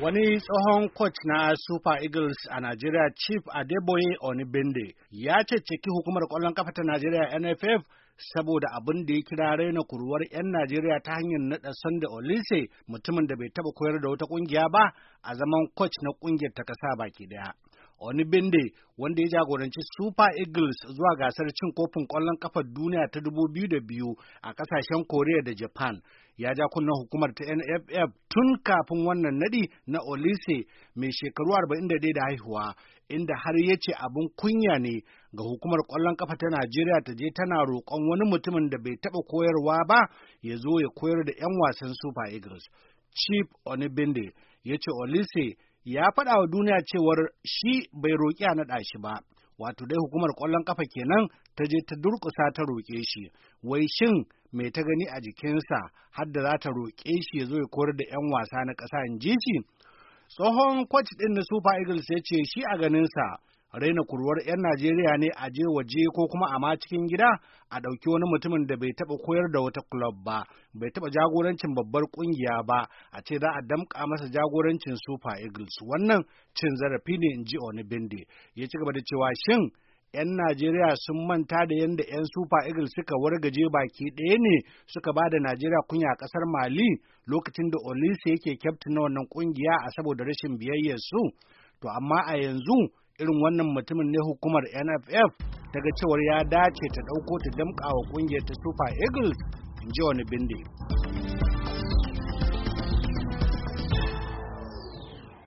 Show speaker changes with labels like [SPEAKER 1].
[SPEAKER 1] Wani tsohon coach na Super Eagles a Najeriya Chief Adeboye Onibende ya ceceki hukumar kwallon kafa ta Najeriya NFF saboda abin da ya kira raina kuruwar 'yan Najeriya ta hanyar naɗa Sunday Olise mutumin da bai taɓa koyar da wata ƙungiya ba a zaman coach na ƙungiyar ta kasa baki daya. Onibinde wanda ya jagoranci Super Eagles zuwa gasar cin kofin ƙwallon ƙafar duniya ta 2002 a ƙasashen Koriya da Japan ya ja kunnen hukumar ta NFF tun kafin wannan nadi na Olise mai shekaru 41 da haihuwa inda har ya ce abin kunya ne ga hukumar ƙwallon ƙafa ta Najeriya ta je tana roƙon wani mutumin da bai taɓa koyarwa ba ya zo ya koyar da 'yan wasan Super Eagles. Chief Onibinde ya ce Olise ya faɗa wa duniya cewar shi bai roƙi a naɗa shi ba. Wato dai hukumar ƙwallon ƙafa kenan ta je ta durƙusa ta roƙe shi, wai shin mai ta gani a jikinsa har da za ta roƙe shi ya zo ya koyar da 'yan wasa na ƙasa in ji shi? Tsohon kwac ɗin na Super Eagles ya ce shi a ganinsa raina kurwar 'yan Najeriya ne a je waje ko kuma a ma cikin gida a ɗauki wani mutumin da bai taɓa koyar da wata club ba, bai taɓa jagorancin babbar ƙungiya ba, a ce za a damƙa masa jagorancin Super Eagles. Wannan cin zarafi ne in ji bindi Ya ci gaba da cewa shin 'yan Najeriya sun manta da yadda 'yan Super Eagles suka wargaje baki ɗaya ne suka ba da Najeriya kunya a ƙasar Mali lokacin da Olise yake kyaftin na wannan ƙungiya a saboda rashin biyayyar su. To amma a yanzu irin wannan mutumin ne hukumar nff daga cewar ya dace ta dauko ta damka wa ƙungiyar ta super eagles in ji wani bindi.